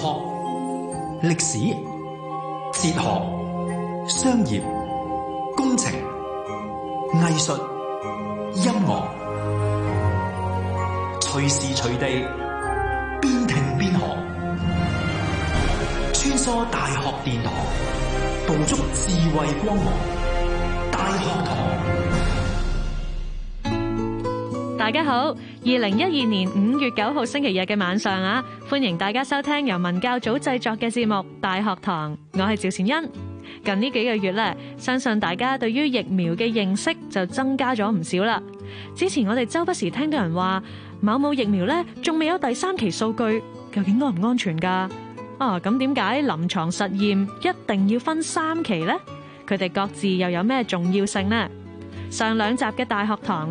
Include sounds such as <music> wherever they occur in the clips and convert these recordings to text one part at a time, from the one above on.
學歷史、哲學、商業、工程、藝術、音樂，隨時隨地，邊聽邊學，穿梭大學殿堂，捕捉智慧光芒。大學堂，大家好。二零一二年五月九號星期日嘅晚上啊。歡迎大家收聽由文教組製作嘅節目《大學堂》，我係趙善恩。近呢幾個月咧，相信大家對於疫苗嘅認識就增加咗唔少啦。之前我哋周不時聽到人話，某某疫苗咧仲未有第三期數據，究竟安唔安全噶？啊，咁點解臨床實驗一定要分三期呢？佢哋各自又有咩重要性呢？上兩集嘅《大學堂》。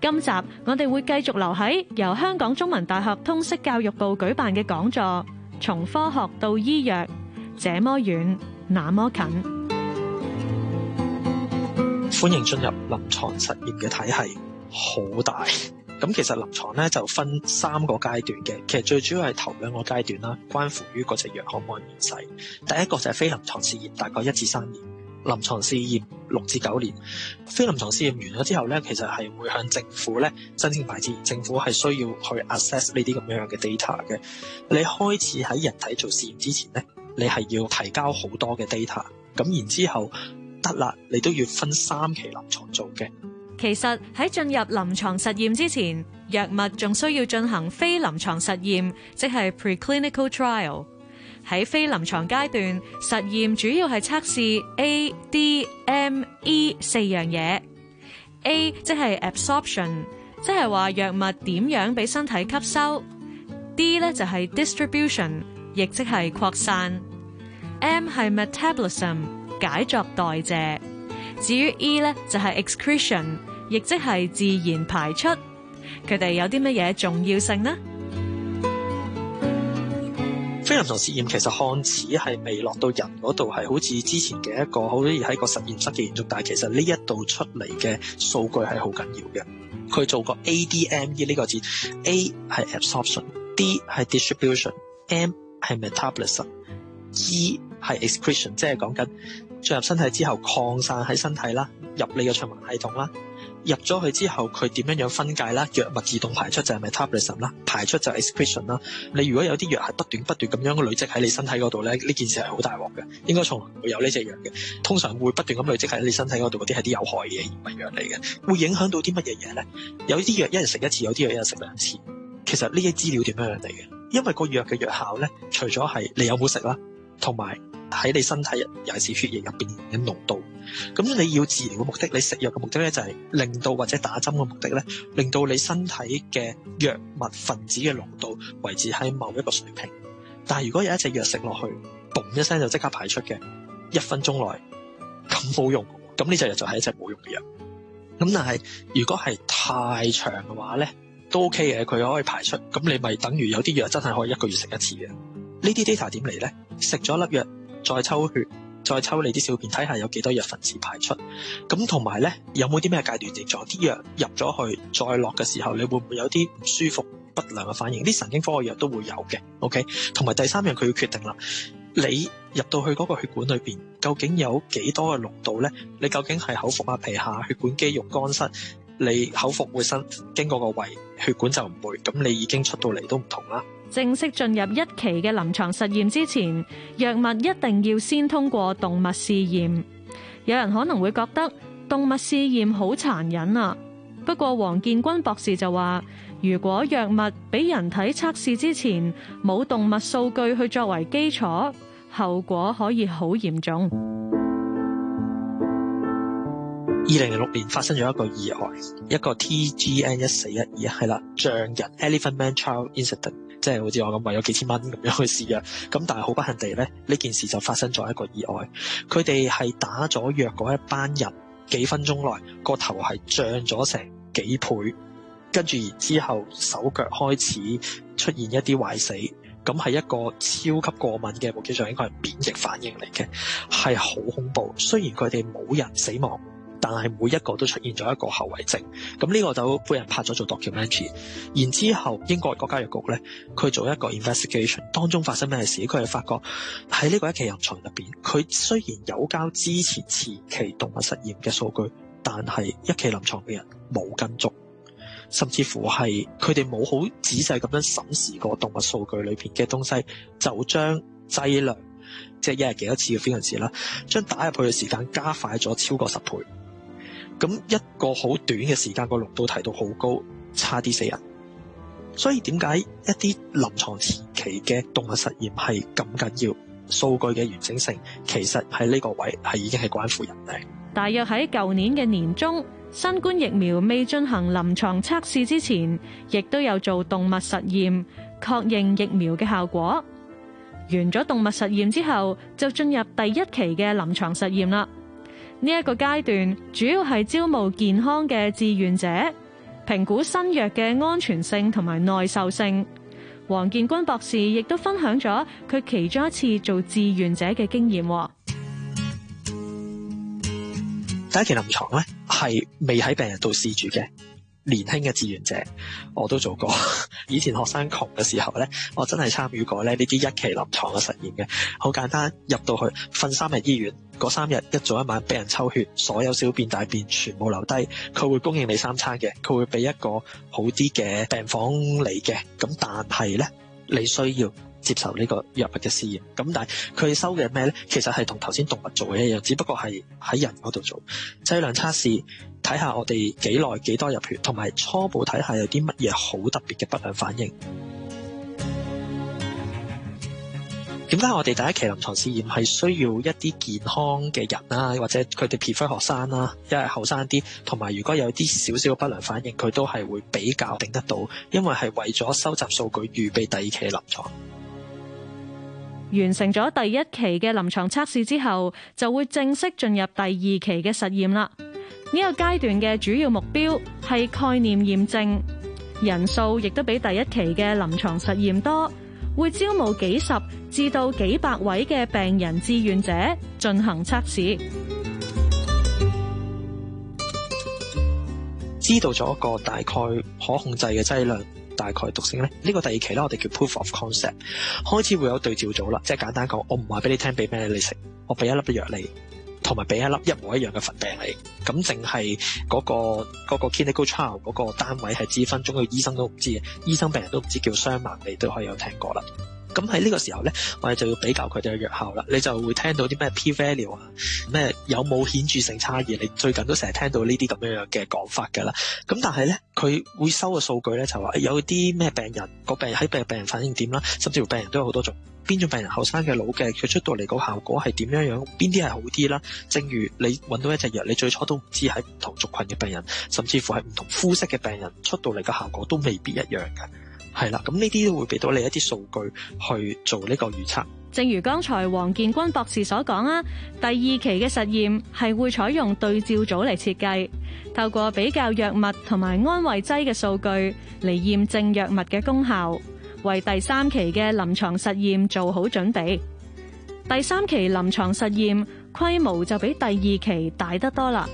今集我哋會繼續留喺由香港中文大學通識教育部舉辦嘅講座，從科學到醫藥，這麼遠，那麼近。歡迎進入臨床實驗嘅體系，好大。咁其實臨床呢就分三個階段嘅，其實最主要係頭兩個階段啦，關乎於嗰隻藥可唔可以試。第一個就係非臨床試驗，大概一至三年。臨床試驗六至九年，非臨床試驗完咗之後咧，其實係會向政府咧申請牌子，政府係需要去 assess 呢啲咁樣嘅 data 嘅。你開始喺人體做試驗之前咧，你係要提交好多嘅 data，咁然之後得啦，你都要分三期臨床做嘅。其實喺進入臨床實驗之前，藥物仲需要進行非臨床實驗，即係 preclinical trial。喺非臨床階段實驗主要係測試 A、D、M、E 四樣嘢。A 即係 absorption，即係話藥物點樣俾身體吸收。D 咧就係 distribution，亦即係擴散。M 係 metabolism，解作代謝。至於 E 咧就係 excretion，亦即係自然排出。佢哋有啲乜嘢重要性呢？非臨床試驗其實看似係未落到人嗰度，係好似之前嘅一個，好似喺個實驗室嘅研究。但係其實呢一度出嚟嘅數據係好緊要嘅。佢做過 ADME 呢個字，A 係 absorption，D 係 distribution，M 係 metabolism，E 係 excretion，即係講緊進入身體之後擴散喺身體啦，入你個循環系統啦。入咗去之後，佢點樣樣分解啦？藥物自動排出就係 metabolism 啦，排出就係 excretion 啦。你如果有啲藥係不斷不斷咁樣累積喺你身體嗰度咧，呢件事係好大鑊嘅，應該從來唔會有呢隻藥嘅。通常會不斷咁累積喺你身體嗰度，嗰啲係啲有害嘅藥嚟嘅，會影響到啲乜嘢嘢咧？有啲藥一日食一次，有啲藥一日食兩次。其實呢啲資料點樣樣嚟嘅？因為個藥嘅藥效咧，除咗係你有冇食啦，同埋喺你身體，尤其是血液入面嘅濃度。你要治療嘅目的，你食藥嘅目的咧，就係令到或者打針嘅目的咧，令到你身體嘅藥物分子嘅濃度維持喺某一個水平。但係如果有一隻藥食落去，嘣一聲就即刻排出嘅，一分鐘內咁冇用，咁呢隻藥就係一隻冇用嘅藥。咁但係如果係太長嘅話咧，都 OK 嘅，佢可以排出。咁你咪等於有啲藥真係可以一個月食一次嘅。呢啲 data 點嚟咧？食咗粒藥再抽血。再抽你啲小便，睇下有幾多藥分子排出，咁同埋咧有冇啲咩階段症狀？啲藥入咗去再落嘅時候，你會唔會有啲唔舒服、不良嘅反應？啲神經科嘅藥都會有嘅，OK。同埋第三樣佢要決定啦，你入到去嗰個血管裏面，究竟有幾多嘅濃度咧？你究竟係口服啊、皮下、血管、肌肉乾身、肝身？你口服會先經過個胃，血管就唔會，咁你已經出到嚟都唔同啦。正式進入一期嘅臨床實驗之前，藥物一定要先通過動物試驗。有人可能會覺得動物試驗好殘忍啊。不過，王建鈞博士就話：如果藥物俾人體測試之前冇動物數據去作為基礎，後果可以好嚴重。二零零六年發生咗一個意外，一個 TGN 一四一二係啦，象人 Elephant Man Child Incident。即係好似我咁，為咗幾千蚊咁樣去試藥，咁但係好不幸地咧，呢件事就發生咗一個意外。佢哋係打咗藥嗰一班人，幾分鐘內個頭係脹咗成幾倍，跟住之後手腳開始出現一啲壞死，咁係一個超級過敏嘅，無計上應該係免疫反應嚟嘅，係好恐怖。雖然佢哋冇人死亡。但係每一個都出現咗一個後遺症。咁呢個就被人拍咗做 documentary。然之後，英國國家藥局呢，佢做一個 investigation，當中發生咩事？佢就發覺喺呢個一期臨牀入面，佢雖然有交之前前期動物實驗嘅數據，但係一期臨床嘅人冇跟蹤，甚至乎係佢哋冇好仔細咁樣審視過動物數據裏面嘅東西，就將劑量即係、就是、一日幾多次嘅 frequency 啦，將打入去嘅時間加快咗超過十倍。咁一個好短嘅時間，個濃度提到好高，差啲死人。所以點解一啲臨床前期嘅動物實驗係咁緊要？數據嘅完整性其實喺呢個位係已經係關乎人命。大約喺舊年嘅年中，新冠疫苗未進行臨床測試之前，亦都有做動物實驗，確認疫苗嘅效果。完咗動物實驗之後，就進入第一期嘅臨床實驗啦。呢一個階段主要係招募健康嘅志願者，評估新藥嘅安全性同埋耐受性。王建鈞博士亦都分享咗佢其中一次做志願者嘅經驗。第一期臨床咧係未喺病人度試住嘅。年輕嘅志願者，我都做過。以前學生窮嘅時候呢，我真係參與過呢呢啲一期臨床嘅實驗嘅。好簡單，入到去瞓三日醫院，嗰三日一早一晚俾人抽血，所有小便大便全部留低。佢會供應你三餐嘅，佢會俾一個好啲嘅病房嚟嘅。咁但係呢，你需要。接受呢個藥物嘅試驗咁，但係佢收嘅咩呢？其實係同頭先動物做嘅一樣，只不過係喺人嗰度做劑量測試，睇下我哋幾耐幾多，多入血，同埋初步睇下有啲乜嘢好特別嘅不良反應。點解我哋第一期臨床試驗係需要一啲健康嘅人啦，或者佢哋撇 r e 學生啦，因為後生啲，同埋如果有啲少少不良反應，佢都係會比較定得到，因為係為咗收集數據，預備第二期臨床。完成咗第一期嘅臨床測試之後，就會正式進入第二期嘅實驗啦。呢個階段嘅主要目標係概念驗證，人數亦都比第一期嘅臨床實驗多，會招募幾十至到幾百位嘅病人志願者進行測試。知道咗一個大概可控制嘅劑量，大概毒性咧，呢、這個第二期咧，我哋叫 proof of concept，開始會有對照組啦。即係簡單講，我唔話俾你聽，俾咩你食，我俾一粒藥你，同埋俾一粒一模一樣嘅粉病你，咁淨係嗰個嗰、那個 clinical trial 嗰個單位係知分，所有醫生都唔知嘅，醫生病人都唔知叫雙盲，你都可以有聽過啦。咁喺呢個時候呢，我哋就要比較佢哋嘅藥效啦。你就會聽到啲咩 P value 啊，咩有冇顯著性差異？你最近都成日聽到呢啲咁樣嘅講法㗎啦。咁但係呢，佢會收嘅數據呢，就話有啲咩病人個病人喺病病人反應點啦，甚至乎病人都有好多種，邊種病人後生嘅、老嘅，佢出到嚟個效果係點樣樣？邊啲係好啲啦？正如你揾到一隻藥，你最初都唔知喺唔同族群嘅病人，甚至乎係唔同膚色嘅病人出到嚟嘅效果都未必一樣嘅。係啦，咁呢啲都會俾到你一啲數據去做呢個預測。正如剛才王建鈞博士所講啊，第二期嘅實驗係會採用對照組嚟設計，透過比較藥物同埋安慰劑嘅數據嚟驗證藥物嘅功效，為第三期嘅臨床實驗做好準備。第三期臨床實驗規模就比第二期大得多啦。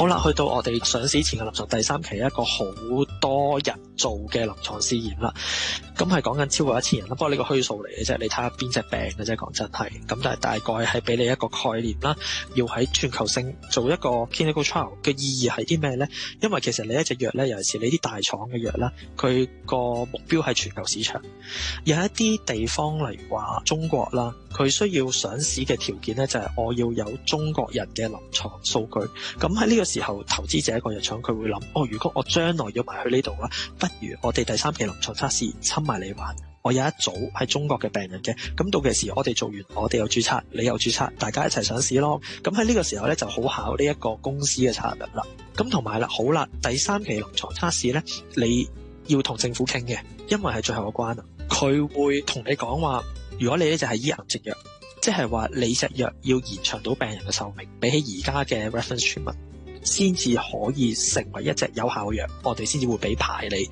好啦，去到我哋上市前嘅臨床第三期，一個好多人做嘅臨床試驗啦，咁係講緊超過一千人啦，不過呢個虛數嚟嘅啫，你睇下邊隻病嘅啫，講真係，咁但係大概係俾你一個概念啦。要喺全球性做一個 clinical trial 嘅意義係啲咩呢？因為其實你一隻藥呢，尤其是你啲大廠嘅藥啦，佢個目標係全球市場。有一啲地方例如話中國啦，佢需要上市嘅條件呢，就係我要有中國人嘅臨床數據。咁喺呢個時候，投資者一個藥廠佢會諗：哦，如果我將來要埋去呢度咧，如我哋第三期臨床測試侵埋你玩，我有一組係中國嘅病人嘅，咁到期時候我哋做完，我哋又註冊，你又註冊，大家一齊上市咯。咁喺呢個時候咧，就好考呢一個公司嘅策略啦。咁同埋啦，好啦，第三期臨床測試咧，你要同政府傾嘅，因為係最後一關啊，佢會同你講話，如果你呢隻係醫癌症藥，即係話你隻藥要延長到病人嘅壽命，比起而家嘅 reference treatment。先至可以成為一隻有效嘅藥，我哋先至會俾牌給你。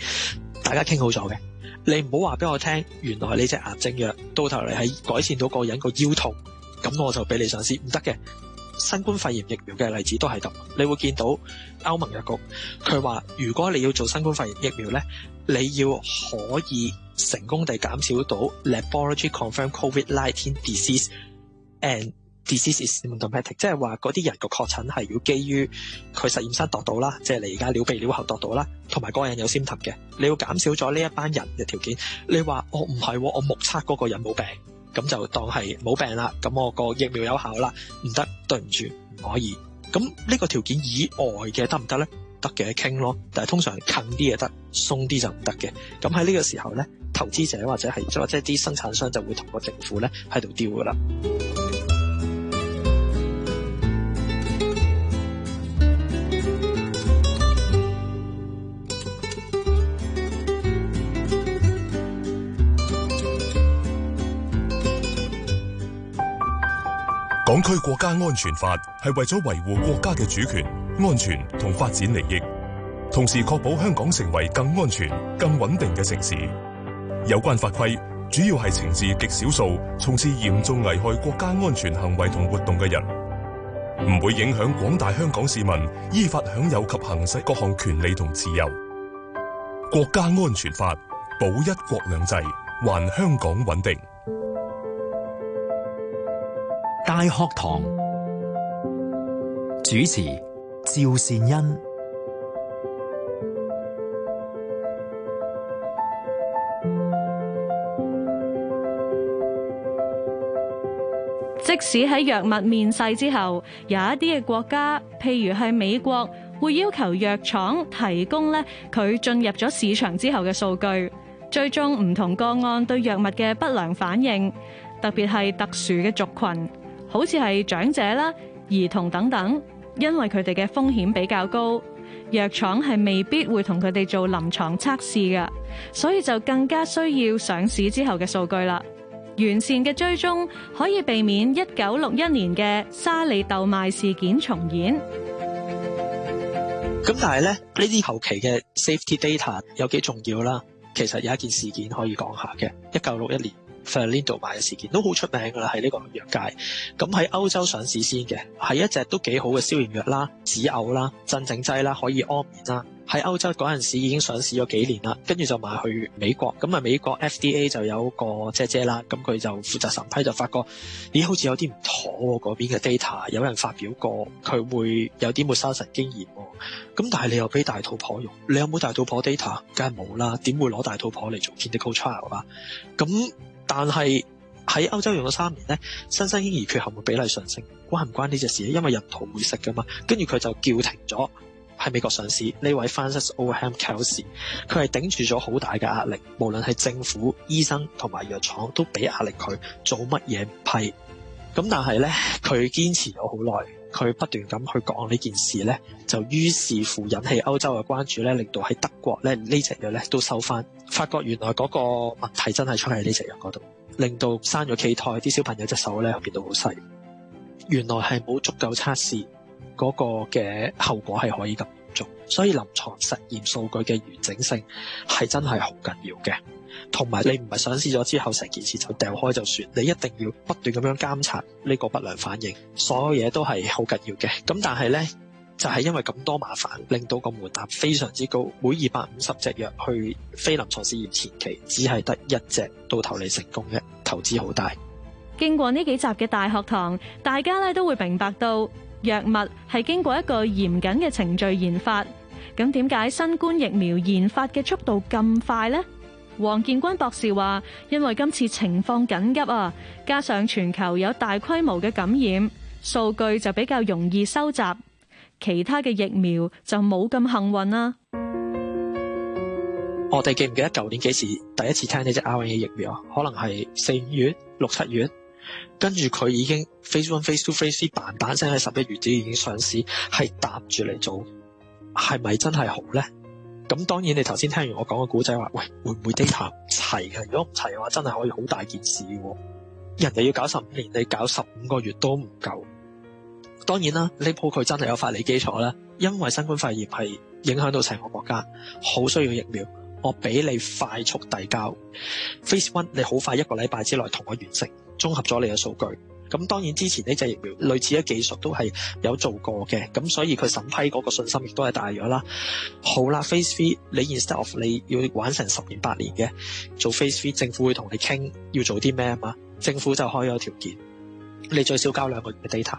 大家傾好咗嘅，你唔好話俾我聽，原來呢隻癌症藥到頭嚟係改善到個人個腰痛，咁我就俾你上市，唔得嘅。新冠肺炎疫苗嘅例子都係咁，你會見到歐盟藥局，佢話如果你要做新冠肺炎疫苗呢，你要可以成功地減少到 laboratory confirmed covid nineteen disease and disease monitoring，即係話嗰啲人個確診係要基於佢實驗室度到啦，即係你而家撩鼻撩喉度到啦，同埋個人有 symptom 嘅，你要減少咗呢一班人嘅條件，你話我唔係我目測嗰個人冇病，咁就當係冇病啦，咁我個疫苗有效啦，唔得，對唔住，唔可以。咁呢個條件以外嘅得唔得咧？得嘅傾咯，但係通常近啲就得，鬆啲就唔得嘅。咁喺呢個時候咧，投資者或者係即係啲生產商就會同個政府咧喺度調噶啦。《區國家安全法》係為咗維護國家嘅主權、安全同發展利益，同時確保香港成為更安全、更穩定嘅城市。有關法規主要係懲治極少數從事嚴重危害國家安全行為同活動嘅人，唔會影響廣大香港市民依法享有及行使各項權利同自由。國家安全法保一國兩制，還香港穩定。大學堂主持趙善恩，即使喺藥物面世之後，有一啲嘅國家，譬如係美國，會要求藥廠提供咧佢進入咗市場之後嘅數據，追蹤唔同個案對藥物嘅不良反應，特別係特殊嘅族群。好似係長者啦、兒童等等，因為佢哋嘅風險比較高，藥廠係未必會同佢哋做臨床測試㗎，所以就更加需要上市之後嘅數據啦。完善嘅追蹤可以避免一九六一年嘅沙利竇邁事件重演。咁但係咧，呢啲後期嘅 safety data 有幾重要啦？其實有一件事件可以講下嘅，一九六一年。f Lindo 買嘅事件都好出名噶啦，喺呢個藥界。咁喺歐洲上市先嘅，係一隻都幾好嘅消炎藥啦、止嘔啦、鎮靜劑啦，可以安眠啦。喺歐洲嗰陣時已經上市咗幾年啦，跟住就賣去美國。咁啊，美國 FDA 就有個姐姐啦，咁佢就負責審批，就發覺咦、欸，好似有啲唔妥嗰、啊、邊嘅 data，有人發表過佢會有啲沒實證經驗、啊。咁但係你又俾大肚婆用，你有冇大肚婆 data？梗係冇啦，點會攞大肚婆嚟做 clinical trial 啊？咁但係喺歐洲用咗三年咧，新生嬰兒缺陷嘅比例上升，關唔關呢隻事？因為人肚會食㗎嘛，跟住佢就叫停咗喺美國上市。呢位 Frances Oldham Kelsey，佢係頂住咗好大嘅壓力，無論係政府、醫生同埋藥廠都俾壓力佢，做乜嘢唔批，咁但係咧佢堅持咗好耐。佢不斷咁去講呢件事呢，就於是乎引起歐洲嘅關注呢，令到喺德國呢，呢隻藥呢都收翻，發覺原來嗰個問題真係出喺呢隻藥嗰度，令到生咗畸胎，啲小朋友隻手呢變到好細，原來係冇足夠測試嗰個嘅後果係可以咁嚴重，所以臨床實驗數據嘅完整性係真係好緊要嘅。同埋，你唔係上市咗之後成件事就掉開就算，你一定要不斷咁樣監察呢個不良反應。所有嘢都係好緊要嘅。咁但係呢，就係因為咁多麻煩，令到個門檻非常之高。每二百五十隻藥去非臨床試驗前期，只係得一隻到頭你成功嘅投資好大。經過呢幾集嘅大學堂，大家咧都會明白到藥物係經過一個嚴謹嘅程序研發。咁點解新冠疫苗研發嘅速度咁快呢？王建鈞博士話，因為今次情況緊急啊，加上全球有大規模嘅感染，數據就比較容易收集，其他嘅疫苗就冇咁幸運啦，啊。我哋記唔記得舊年幾時第一次聽呢隻 RNA 嘅疫苗？可能係四五月，六七月，跟住佢已經 phase one、phase two、phase three，嘭嘭聲喺十一月就已經上市，係搭住嚟做，係咪真係好呢？咁當然，你頭先聽完我講個古仔話，喂，會唔會 data 齊齊嘅？如果唔齊嘅話，真係可以好大件事喎。人哋要搞十五年，你搞十五個月都唔夠。當然啦，呢鋪佢真係有法理基礎啦。因為新冠肺炎係影響到成個國家，好需要疫苗。我俾你快速遞交 Phase One，你好快一個禮拜之內同我完成，綜合咗你嘅數據。咁當然之前呢隻疫苗類似嘅技術都係有做過嘅，咁所以佢審批嗰個信心亦都係大咗啦。好啦 Phase 3，你 instead of 你要玩成十年八年嘅做 Phase 3，政府會同你傾要做啲咩啊嘛？政府就開咗條件，你最少交兩個月嘅 data。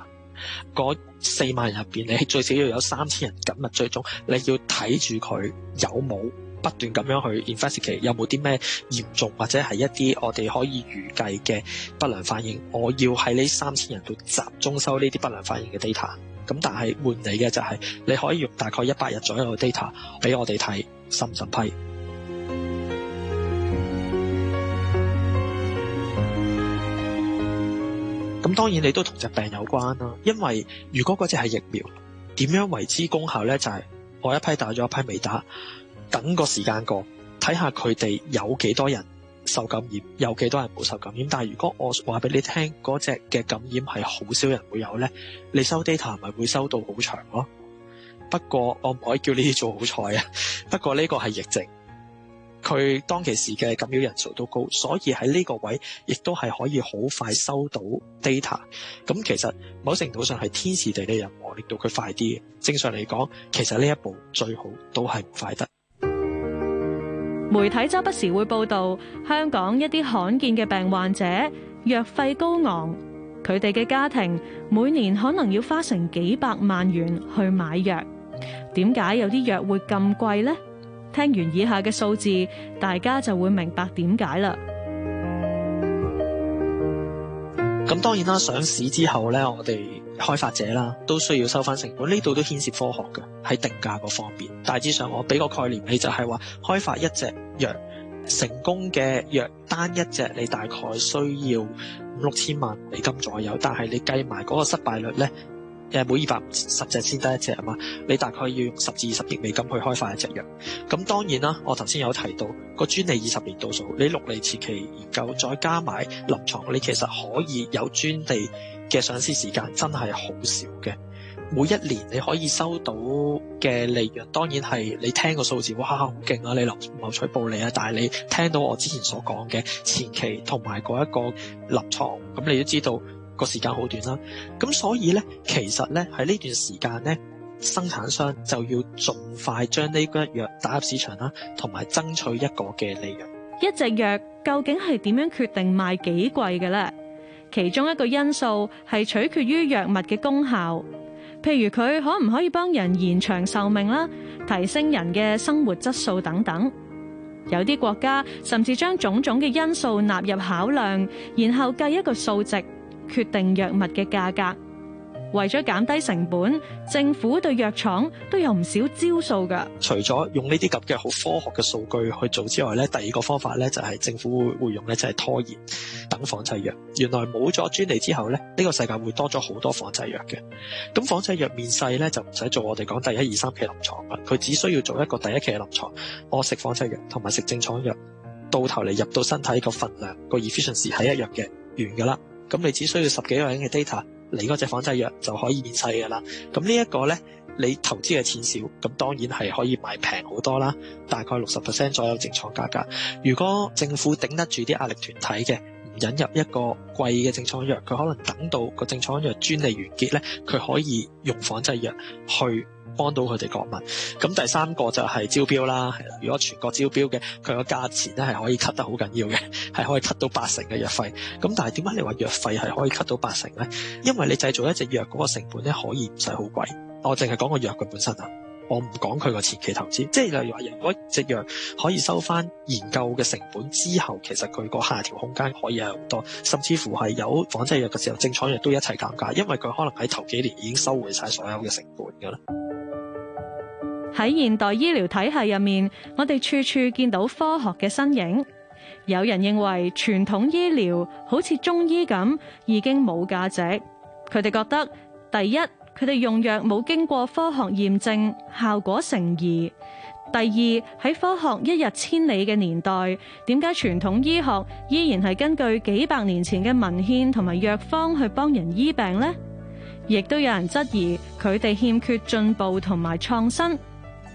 嗰四萬人入面，你最少要有三千人緊密追蹤，最終你要睇住佢有冇。不斷咁樣去 investigate，有冇啲咩嚴重或者係一啲我哋可以預計嘅不良反應？我要喺呢三千人度集中收呢啲不良反應嘅 data。咁但係換嚟嘅就係、是、你可以用大概一百日左右嘅 data 俾我哋睇審唔審批。咁 <music> 當然你都同隻病有關啦，因為如果嗰隻係疫苗，點樣為之功效呢？就係、是、我一批打咗，一批未打。等個時間過，睇下佢哋有幾多人受感染，有幾多人冇受感染。但如果我話俾你聽，嗰隻嘅感染係好少人會有呢？你收 data 係咪會收到好長咯？不過我唔可以叫你做好彩啊。不過呢個係疫症，佢當其時嘅感染人數都高，所以喺呢個位亦都係可以好快收到 data。咁其實某程度上係天時地利人和，令到佢快啲。正常嚟講，其實呢一步最好都係唔快得。媒體周不時會報道香港一啲罕見嘅病患者藥費高昂，佢哋嘅家庭每年可能要花成幾百萬元去買藥。點解有啲藥會咁貴呢？聽完以下嘅數字，大家就會明白點解啦。咁當然啦，上市之後呢，我哋開發者啦，都需要收翻成本，呢度都牽涉科學嘅喺定價個方面。大致上，我俾個概念你，就係話開發一隻藥成功嘅藥，單一隻，你大概需要五六千萬美金左右。但係你計埋嗰個失敗率咧，誒，每二百十隻先得一隻啊嘛，你大概要用十至二十億美金去開發一隻藥，咁當然啦，我頭先有提到，那個專利二十年度數，你六年前期研究再加埋臨床，你其實可以有專利，嘅上市時間真係好少嘅，每一年你可以收到嘅利潤，當然係你聽個數字，哇嚇好勁啊，你謀取暴利啊。但係你聽到我之前所講嘅前期同埋嗰一個立場，咁你都知道個時間好短啦。咁所以呢，其實呢喺呢段時間呢，生產商就要盡快將呢個藥打入市場啦，同埋爭取一個嘅利潤，一隻藥究竟係點樣決定賣幾貴嘅呢？其中一個因素係取決於藥物嘅功效，譬如佢可唔可以幫人延長壽命啦，提升人嘅生活質素等等。有啲國家甚至將種種嘅因素納入考量，然後計一個數值，決定藥物嘅價格。為咗減低成本，政府對藥廠都有唔少招數噶。除咗用呢啲咁嘅好科學嘅數據去做之外咧，第二個方法咧，就係政府會用咧，就係、是、拖延等仿製藥。原來冇咗專利之後咧，呢、這個世界會多咗好多仿製藥嘅。咁仿製藥面世咧，就唔使做我哋講第一二三期臨床啦。佢只需要做一個第一期嘅臨床。我食仿製藥同埋食正廠藥，到頭嚟入到身體個份量個 efficiency 係一樣嘅，完噶啦。咁你只需要十幾個人嘅 data。你嗰隻仿製藥就可以變細㗎啦，咁呢一個呢，你投資嘅錢少，咁當然係可以買平好多啦，大概六十 percent 左右正常價格。如果政府頂得住啲壓力團體嘅。引入一個貴嘅正廠藥，佢可能等到個正廠藥專利完結咧，佢可以用仿製藥去幫到佢哋國民。咁第三個就係招標啦。如果全國招標嘅，佢個價錢咧係可以 cut 得好緊要嘅，係可以 cut 到八成嘅藥費。咁但係點解你話藥費係可以 cut 到八成咧？因為你製造一隻藥嗰個成本咧可以唔使好貴。我淨係講個藥嘅本身啊。我唔講佢個前期投資，即係例如話，如果隻藥可以收翻研究嘅成本之後，其實佢個下調空間可以係好多，甚至乎係有仿製藥嘅時候，正廠藥都一齊減價，因為佢可能喺頭幾年已經收回晒所有嘅成本噶啦。喺現代醫療體系入面，我哋處處見到科學嘅身影。有人認為傳統醫療好似中醫咁，已經冇價值。佢哋覺得第一，佢哋用藥冇經過科學驗證，效果成疑。第二，喺科學一日千里嘅年代，點解傳統醫學依然係根據幾百年前嘅文獻同埋藥方去幫人醫病呢？亦都有人質疑佢哋欠缺進步同埋創新。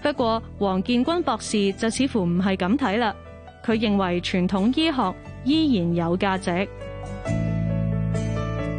不過王建鈞博士就似乎唔係咁睇啦，佢認為傳統醫學依然有價值。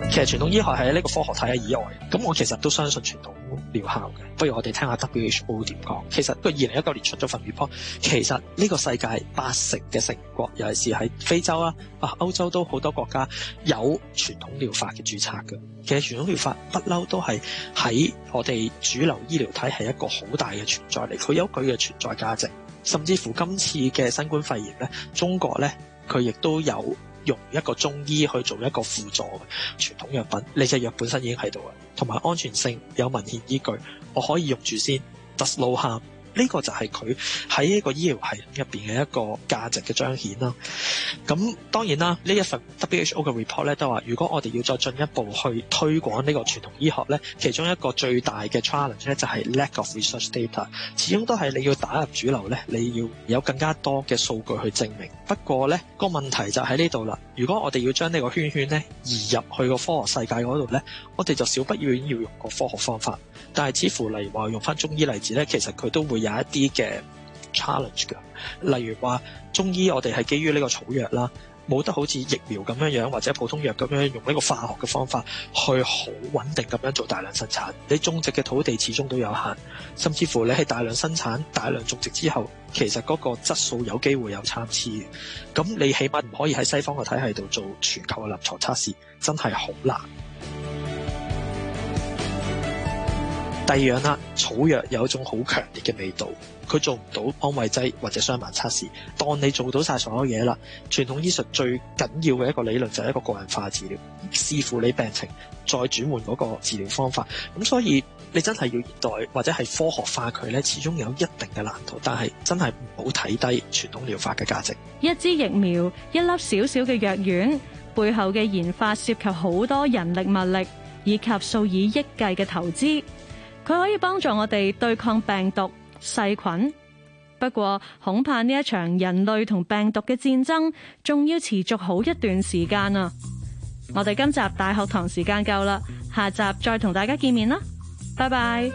其實傳統醫學係喺呢個科學體系以外，咁我其實都相信傳統療效嘅。不如我哋聽一下 WHO 點講。其實佢二零一九年出咗份 report，其實呢個世界八成嘅成國，尤其是喺非洲啊歐洲都好多國家有傳統療法嘅註冊嘅。其實傳統療法不嬲都係喺我哋主流醫療體系一個好大嘅存在嚟，佢有佢嘅存在價值。甚至乎今次嘅新冠肺炎咧，中國咧佢亦都有。用一個中醫去做一個輔助嘅傳統藥品，你隻藥本身已經喺度啦，同埋安全性有文獻依據，我可以用住先，得攞下。呢個就係佢喺呢個醫療系統入邊嘅一個價值嘅彰顯啦。咁當然啦，這呢一份 WHO 嘅 report 咧都話，如果我哋要再進一步去推廣呢個傳統醫學咧，其中一個最大嘅 challenge 咧就係、是、lack of research data。始終都係你要打入主流咧，你要有更加多嘅數據去證明。不過咧，個問題就喺呢度啦。如果我哋要將呢個圈圈咧移入去個科學世界度咧，我哋就少不免要，要用個科學方法。但係似乎例如話用翻中醫例子咧，其實佢都會。有一啲嘅 challenge 嘅，例如話中醫我哋係基於呢個草藥啦，冇得好似疫苗咁樣樣或者普通藥咁樣用呢個化學嘅方法去好穩定咁樣做大量生產，你種植嘅土地始終都有限，甚至乎你係大量生產大量種植之後，其實嗰個質素有機會有參差。咁你起碼唔可以喺西方嘅體系度做全球嘅臨牀測試，真係好難。.第二樣啦，草藥有一種好強烈嘅味道，佢做唔到安慰劑或者雙盲測試。當你做到晒所有嘢啦，傳統醫術最緊要嘅一個理論就係一個個人化治療，視乎你病情再轉換嗰個治療方法。咁所以你真係要現代化或者係科學化佢呢，始終有一定嘅難度。但係真係唔好睇低傳統療法嘅價值。一支疫苗，一粒小小嘅藥丸，背後嘅研發涉及好多人力物力，以及數以億計嘅投資。佢可以幫助我哋對抗病毒細菌，不過恐怕呢一場人類同病毒嘅戰爭仲要持續好一段時間啊。我哋今集大學堂時間夠啦，下集再同大家見面啦，拜拜。